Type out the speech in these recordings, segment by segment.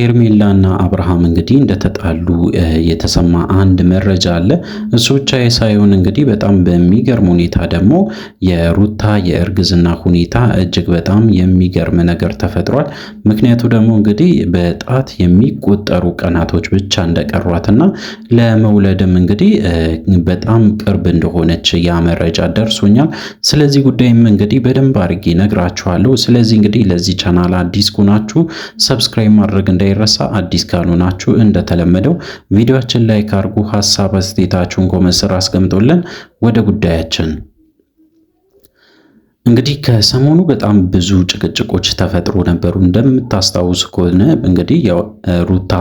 ሄርሜላና አብርሃም እንግዲህ እንደተጣሉ የተሰማ አንድ መረጃ አለ። እሱ ብቻ ሳይሆን እንግዲህ በጣም በሚገርም ሁኔታ ደግሞ የሩታ የእርግዝና ሁኔታ እጅግ በጣም የሚገርም ነገር ተፈጥሯል። ምክንያቱ ደግሞ እንግዲህ በጣት የሚቆጠሩ ቀናቶች ብቻ እንደቀሯትና ለመውለድም እንግዲህ በጣም ቅርብ እንደሆነች ያ መረጃ ደርሶኛል። ስለዚህ ጉዳይም እንግዲህ በደንብ አድርጌ ነግራችኋለሁ። ስለዚህ እንግዲህ ለዚህ ቻናል አዲስ ከሆናችሁ ሰብስክራይብ ማድረግ እንዳይረሳ አዲስ ካልሆናችሁ እንደተለመደው ቪዲዮችን ላይክ አድርጉ፣ ሀሳብ አስተያየታችሁን ኮመንት ስር አስቀምጡልን። ወደ ጉዳያችን እንግዲህ ከሰሞኑ በጣም ብዙ ጭቅጭቆች ተፈጥሮ ነበሩ። እንደምታስታውስ ከሆነ እንግዲህ ያው ሩታ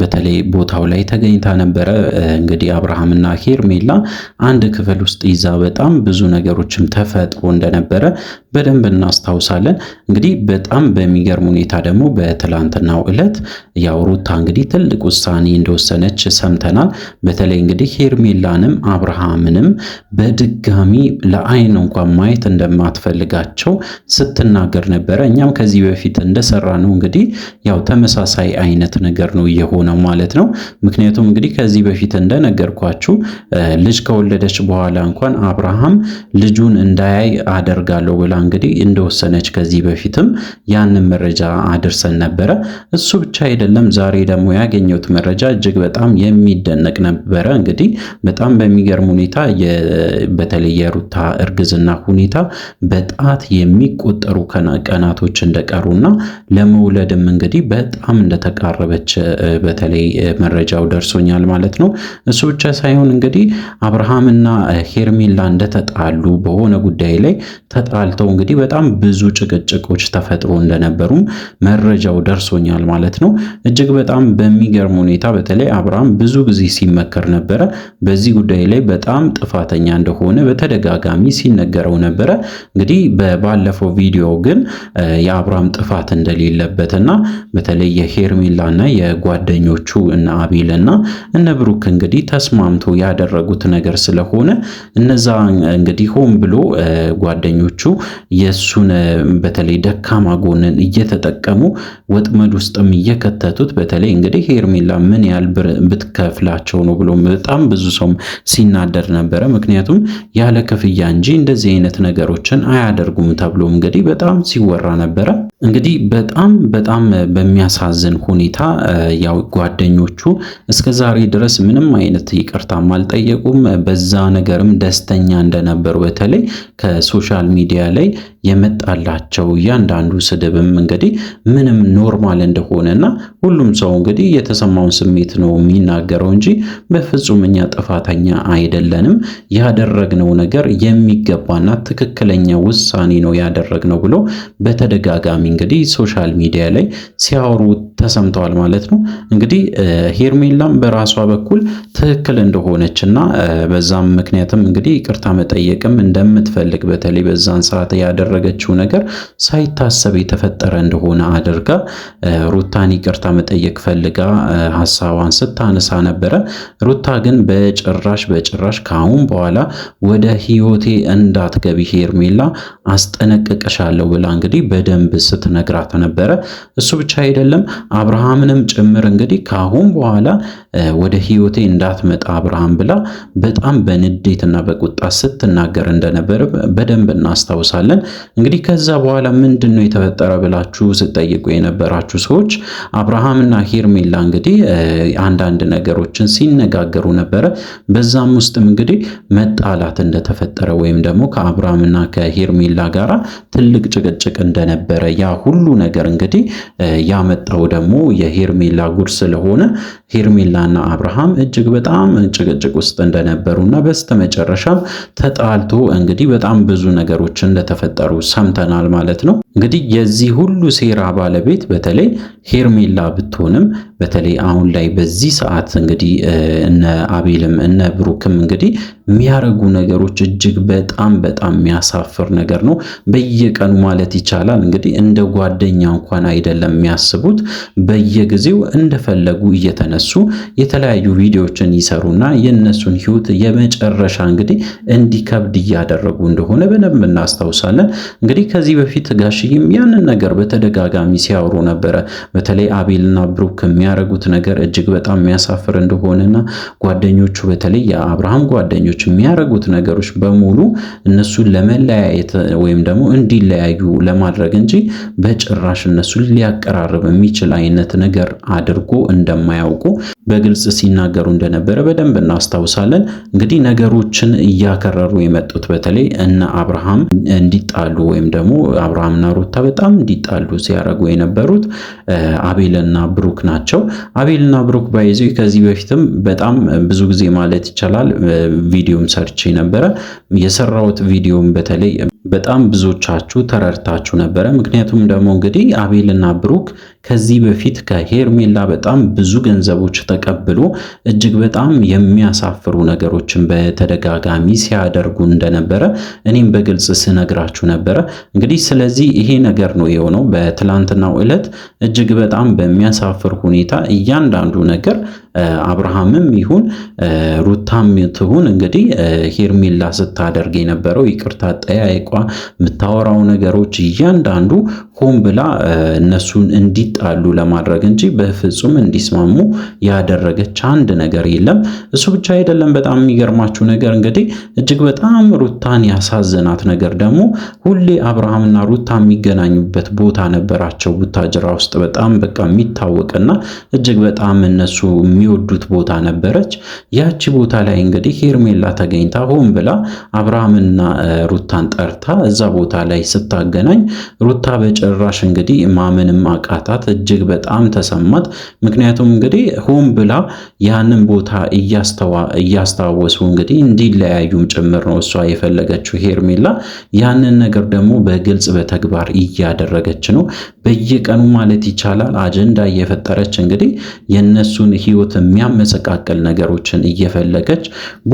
በተለይ ቦታው ላይ ተገኝታ ነበረ። እንግዲህ አብርሃምና ሄርሜላ አንድ ክፍል ውስጥ ይዛ በጣም ብዙ ነገሮችም ተፈጥሮ እንደነበረ በደንብ እናስታውሳለን። እንግዲህ በጣም በሚገርም ሁኔታ ደግሞ በትላንትናው ዕለት ያው ሩታ እንግዲህ ትልቅ ውሳኔ እንደወሰነች ሰምተናል። በተለይ እንግዲህ ሄርሜላንም አብርሃምንም በድጋሚ ለአይን እንኳን ማየት እንደማት እንደምትፈልጋቸው ስትናገር ነበረ። እኛም ከዚህ በፊት እንደሰራ ነው እንግዲህ ያው ተመሳሳይ አይነት ነገር ነው የሆነው ማለት ነው። ምክንያቱም እንግዲህ ከዚህ በፊት እንደነገርኳችሁ ልጅ ከወለደች በኋላ እንኳን አብርሃም ልጁን እንዳያይ አደርጋለሁ ብላ እንግዲህ እንደወሰነች ከዚህ በፊትም ያንን መረጃ አድርሰን ነበረ። እሱ ብቻ አይደለም፣ ዛሬ ደግሞ ያገኘሁት መረጃ እጅግ በጣም የሚደነቅ ነበረ። እንግዲህ በጣም በሚገርም ሁኔታ በተለይ የሩታ እርግዝና ሁኔታ በጣት የሚቆጠሩ ቀናቶች እንደቀሩና ለመውለድም እንግዲህ በጣም እንደተቃረበች በተለይ መረጃው ደርሶኛል ማለት ነው። እሱ ብቻ ሳይሆን እንግዲህ አብርሃምና ሄርሜላ እንደተጣሉ በሆነ ጉዳይ ላይ ተጣልተው እንግዲህ በጣም ብዙ ጭቅጭቆች ተፈጥሮ እንደነበሩም መረጃው ደርሶኛል ማለት ነው። እጅግ በጣም በሚገርም ሁኔታ በተለይ አብርሃም ብዙ ጊዜ ሲመከር ነበረ። በዚህ ጉዳይ ላይ በጣም ጥፋተኛ እንደሆነ በተደጋጋሚ ሲነገረው ነበረ። እንግዲህ ባለፈው ቪዲዮ ግን የአብርሃም ጥፋት እንደሌለበትና በተለይ የሄርሜላና የጓደኞቹ እነ አቤልና እነ ብሩክ እንግዲህ ተስማምቶ ያደረጉት ነገር ስለሆነ እነዛ እንግዲህ ሆን ብሎ ጓደኞቹ የእሱን በተለይ ደካማ ጎንን እየተጠቀሙ ወጥመድ ውስጥም እየከተቱት በተለይ እንግዲህ ሄርሜላ ምን ያህል ብትከፍላቸው ነው ብሎ በጣም ብዙ ሰውም ሲናደድ ነበረ። ምክንያቱም ያለ ክፍያ እንጂ እንደዚህ አይነት ነገሮችን አያደርጉም ተብሎ እንግዲህ በጣም ሲወራ ነበረ። እንግዲህ በጣም በጣም በሚያሳዝን ሁኔታ ያው ጓደኞቹ እስከ ዛሬ ድረስ ምንም አይነት ይቅርታም አልጠየቁም። በዛ ነገርም ደስተኛ እንደነበሩ በተለይ ከሶሻል ሚዲያ ላይ የመጣላቸው እያንዳንዱ ስድብም እንግዲህ ምንም ኖርማል እንደሆነና ሁሉም ሰው እንግዲህ የተሰማውን ስሜት ነው የሚናገረው እንጂ በፍጹም እኛ ጥፋተኛ አይደለንም፣ ያደረግነው ነገር የሚገባና ትክክለኛ ውሳኔ ነው ያደረግነው ብሎ በተደጋጋሚ እንግዲህ ሶሻል ሚዲያ ላይ ሲያወሩ ተሰምተዋል ማለት ነው። እንግዲህ ሄርሜላም በራሷ በኩል ትክክል እንደሆነች እና በዛም ምክንያትም እንግዲህ ይቅርታ መጠየቅም እንደምትፈልግ በተለይ በዛን ሰዓት ያደረገችው ነገር ሳይታሰብ የተፈጠረ እንደሆነ አድርጋ ሩታን ይቅርታ መጠየቅ ፈልጋ ሀሳቧን ስታነሳ ነበረ። ሩታ ግን በጭራሽ በጭራሽ ከአሁን በኋላ ወደ ህይወቴ እንዳትገቢ ሄርሜላ አስጠነቅቅሻለሁ ብላ እንግዲህ በደንብ ስትነግራት ነበረ። እሱ ብቻ አይደለም አብርሃምንም ጭምር እንግዲህ ከአሁን በኋላ ወደ ህይወቴ እንዳትመጣ አብርሃም ብላ በጣም በንዴትና በቁጣ ስትናገር እንደነበረ በደንብ እናስታውሳለን። እንግዲህ ከዛ በኋላ ምንድን ነው የተፈጠረ ብላችሁ ስጠይቁ የነበራችሁ ሰዎች አብርሃምና ሄርሜላ እንግዲህ አንዳንድ ነገሮችን ሲነጋገሩ ነበረ። በዛም ውስጥም እንግዲህ መጣላት እንደተፈጠረ ወይም ደግሞ ከአብርሃምና ከሄርሜላ ጋራ ትልቅ ጭቅጭቅ እንደነበረ ያ ሁሉ ነገር እንግዲህ ያመጣው ደግሞ የሄርሜላ ጉድ ስለሆነ ሄርሜላና አብርሃም እጅግ በጣም ጭቅጭቅ ውስጥ እንደነበሩ እና በስተመጨረሻም ተጣልቶ እንግዲህ በጣም ብዙ ነገሮች እንደተፈጠሩ ሰምተናል ማለት ነው። እንግዲህ የዚህ ሁሉ ሴራ ባለቤት በተለይ ሄርሜላ ብትሆንም በተለይ አሁን ላይ በዚህ ሰዓት እንግዲህ እነ አቤልም እነ ብሩክም እንግዲህ የሚያረጉ ነገሮች እጅግ በጣም በጣም የሚያሳፍር ነገር ነው። በየቀኑ ማለት ይቻላል እንግዲህ እንደ ጓደኛ እንኳን አይደለም የሚያስቡት። በየጊዜው እንደፈለጉ እየተነሱ የተለያዩ ቪዲዮዎችን ይሰሩና የእነሱን ሕይወት የመጨረሻ እንግዲህ እንዲከብድ እያደረጉ እንደሆነ በደንብ እናስታውሳለን። እንግዲህ ከዚህ በፊት ጋሽይም ያንን ነገር በተደጋጋሚ ሲያወሩ ነበረ። በተለይ አቤልና ብሩክ የሚያደርጉት ነገር እጅግ በጣም የሚያሳፍር እንደሆነና ጓደኞቹ በተለይ የአብርሃም ጓደኞች የሚያደርጉት ነገሮች በሙሉ እነሱን ለመለያየት ወይም ደግሞ እንዲለያዩ ለማድረግ እንጂ በጭራሽ እነሱን ሊያቀራርብ የሚችል አይነት ነገር አድርጎ እንደማያውቁ በግልጽ ሲናገሩ እንደነበረ በደንብ እናስታውሳለን። እንግዲህ ነገሮችን እያከረሩ የመጡት በተለይ እነ አብርሃም እንዲጣሉ ወይም ደግሞ አብርሃምና ሩታ በጣም እንዲጣሉ ሲያደርጉ የነበሩት አቤልና ብሩክ ናቸው። አቤልና ብሩክ ባይዘ ከዚህ በፊትም በጣም ብዙ ጊዜ ማለት ይቻላል ቪዲዮም ሰርቼ ነበረ የሰራሁት ቪዲዮም በተለይ በጣም ብዙዎቻችሁ ተረድታችሁ ነበረ። ምክንያቱም ደግሞ እንግዲህ አቤልና ብሩክ ከዚህ በፊት ከሄርሜላ በጣም ብዙ ገንዘቦች ተቀብሎ እጅግ በጣም የሚያሳፍሩ ነገሮችን በተደጋጋሚ ሲያደርጉ እንደነበረ እኔም በግልጽ ስነግራችሁ ነበረ። እንግዲህ ስለዚህ ይሄ ነገር ነው የሆነው። በትላንትናው ዕለት እጅግ በጣም በሚያሳፍር ሁኔታ እያንዳንዱ ነገር አብርሃምም ይሁን ሩት ሩታም ትሁን እንግዲህ ሄርሜላ ስታደርግ የነበረው ይቅርታ ጠያይቋ፣ የምታወራው ነገሮች እያንዳንዱ ሆን ብላ እነሱን እንዲጣሉ ለማድረግ እንጂ በፍጹም እንዲስማሙ ያደረገች አንድ ነገር የለም። እሱ ብቻ አይደለም። በጣም የሚገርማችሁ ነገር እንግዲህ እጅግ በጣም ሩታን ያሳዘናት ነገር ደግሞ ሁሌ አብርሃምና ሩታ የሚገናኙበት ቦታ ነበራቸው ቡታጅራ ውስጥ በጣም በቃ የሚታወቅና እጅግ በጣም እነሱ የሚወዱት ቦታ ነበረች። ያቺ ቦታ ቦታ ላይ እንግዲህ ሄርሜላ ተገኝታ ሆን ብላ አብርሃምና ሩታን ጠርታ እዛ ቦታ ላይ ስታገናኝ ሩታ በጭራሽ እንግዲህ ማመንም አቃታት፣ እጅግ በጣም ተሰማት። ምክንያቱም እንግዲህ ሆን ብላ ያንን ቦታ እያስታወሱ እንግዲህ እንዲለያዩም ጭምር ነው እሷ የፈለገችው ሄርሜላ። ያንን ነገር ደግሞ በግልጽ በተግባር እያደረገች ነው። በየቀኑ ማለት ይቻላል አጀንዳ እየፈጠረች እንግዲህ የእነሱን ህይወት የሚያመሰቃቅል ነገሮችን እየፈለገ እየፈለገች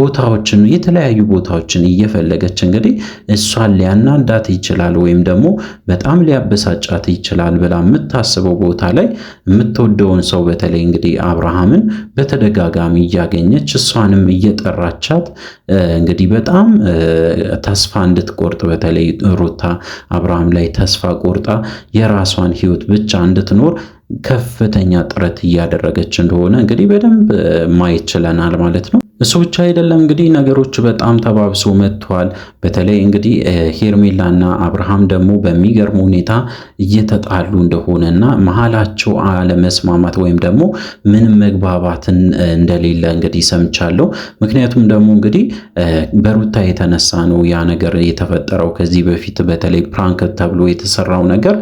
ቦታዎችን የተለያዩ ቦታዎችን እየፈለገች እንግዲህ እሷን ሊያናዳት ይችላል ወይም ደግሞ በጣም ሊያበሳጫት ይችላል ብላ የምታስበው ቦታ ላይ የምትወደውን ሰው በተለይ እንግዲህ አብርሃምን በተደጋጋሚ እያገኘች እሷንም እየጠራቻት እንግዲህ በጣም ተስፋ እንድትቆርጥ በተለይ ሩታ አብርሃም ላይ ተስፋ ቆርጣ የራሷን ሕይወት ብቻ እንድትኖር ከፍተኛ ጥረት እያደረገች እንደሆነ እንግዲህ በደንብ ማየት ችለናል ማለት ነው። እሱ ብቻ አይደለም እንግዲህ ነገሮች በጣም ተባብሶ መጥቷል። በተለይ እንግዲህ ሄርሜላና አብርሃም ደግሞ በሚገርም ሁኔታ እየተጣሉ እንደሆነ እና መሀላቸው አለመስማማት ወይም ደግሞ ምንም መግባባትን እንደሌለ እንግዲህ ሰምቻለሁ። ምክንያቱም ደግሞ እንግዲህ በሩታ የተነሳ ነው ያ ነገር የተፈጠረው። ከዚህ በፊት በተለይ ፕራንክ ተብሎ የተሰራው ነገር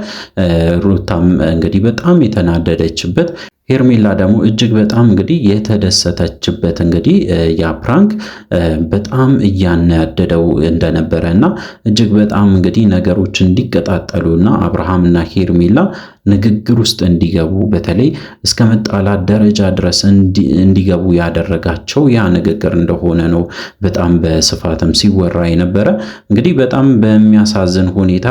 ሩታም እንግዲህ በጣም የተናደደችበት ሄርሜላ ደግሞ እጅግ በጣም እንግዲህ የተደሰተችበት እንግዲህ ያ ፕራንክ በጣም እያናደደው እንደነበረ እና እጅግ በጣም እንግዲህ ነገሮች እንዲቀጣጠሉ እንዲቀጣጠሉና አብርሃምና ሄርሜላ ንግግር ውስጥ እንዲገቡ በተለይ እስከ መጣላት ደረጃ ድረስ እንዲገቡ ያደረጋቸው ያ ንግግር እንደሆነ ነው በጣም በስፋትም ሲወራ የነበረ። እንግዲህ በጣም በሚያሳዝን ሁኔታ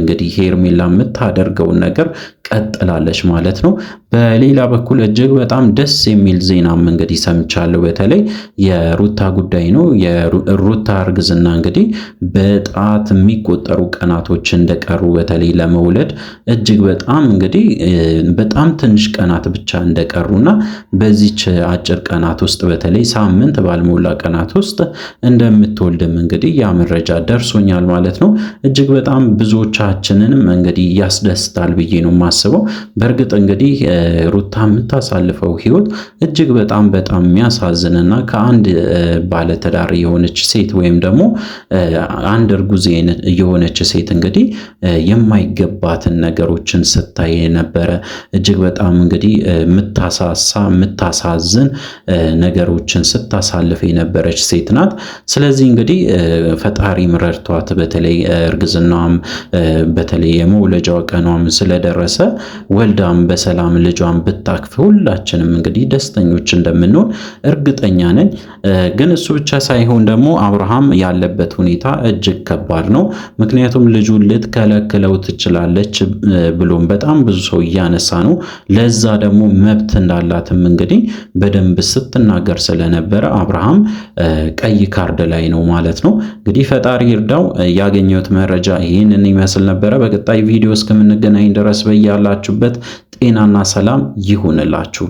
እንግዲህ ሄርሜላ የምታደርገውን ነገር ቀጥላለች ማለት ነው። በሌላ በኩል እጅግ በጣም ደስ የሚል ዜናም እንግዲህ ሰምቻለሁ። በተለይ የሩታ ጉዳይ ነው። የሩታ እርግዝና እንግዲህ በጣት የሚቆጠሩ ቀናቶች እንደቀሩ በተለይ ለመውለድ እጅግ በጣም እንግዲህ በጣም ትንሽ ቀናት ብቻ እንደቀሩና በዚች አጭር ቀናት ውስጥ በተለይ ሳምንት ባልሞላ ቀናት ውስጥ እንደምትወልድም እንግዲህ ያ መረጃ ደርሶኛል ማለት ነው። እጅግ በጣም ብዙዎቻችንንም እንግዲህ ያስደስታል ብዬ ነው የማስበው። በእርግጥ እንግዲህ ሩታ የምታሳልፈው ህይወት እጅግ በጣም በጣም የሚያሳዝንና ከአንድ ባለትዳር የሆነች ሴት ወይም ደግሞ አንድ እርጉዝ የሆነች ሴት እንግዲህ የማይገባትን ነገሮችን ስታ ይታይ የነበረ እጅግ በጣም እንግዲህ የምታሳሳ የምታሳዝን ነገሮችን ስታሳልፍ የነበረች ሴት ናት። ስለዚህ እንግዲህ ፈጣሪም ረድቷት በተለይ እርግዝናዋም በተለይ የመውለጃዋ ቀኗም ስለደረሰ ወልዳም በሰላም ልጇን ብታክፍ ሁላችንም እንግዲህ ደስተኞች እንደምንሆን እርግጠኛ ነኝ። ግን እሱ ብቻ ሳይሆን ደግሞ አብርሃም ያለበት ሁኔታ እጅግ ከባድ ነው። ምክንያቱም ልጁን ልትከለክለው ትችላለች ብሎም በጣም በጣም ብዙ ሰው እያነሳ ነው። ለዛ ደግሞ መብት እንዳላትም እንግዲህ በደንብ ስትናገር ስለነበረ አብርሃም ቀይ ካርድ ላይ ነው ማለት ነው። እንግዲህ ፈጣሪ ይርዳው። ያገኘሁት መረጃ ይህንን ይመስል ነበረ። በቀጣይ ቪዲዮ እስከምንገናኝ ድረስ በያላችሁበት ጤናና ሰላም ይሁንላችሁ።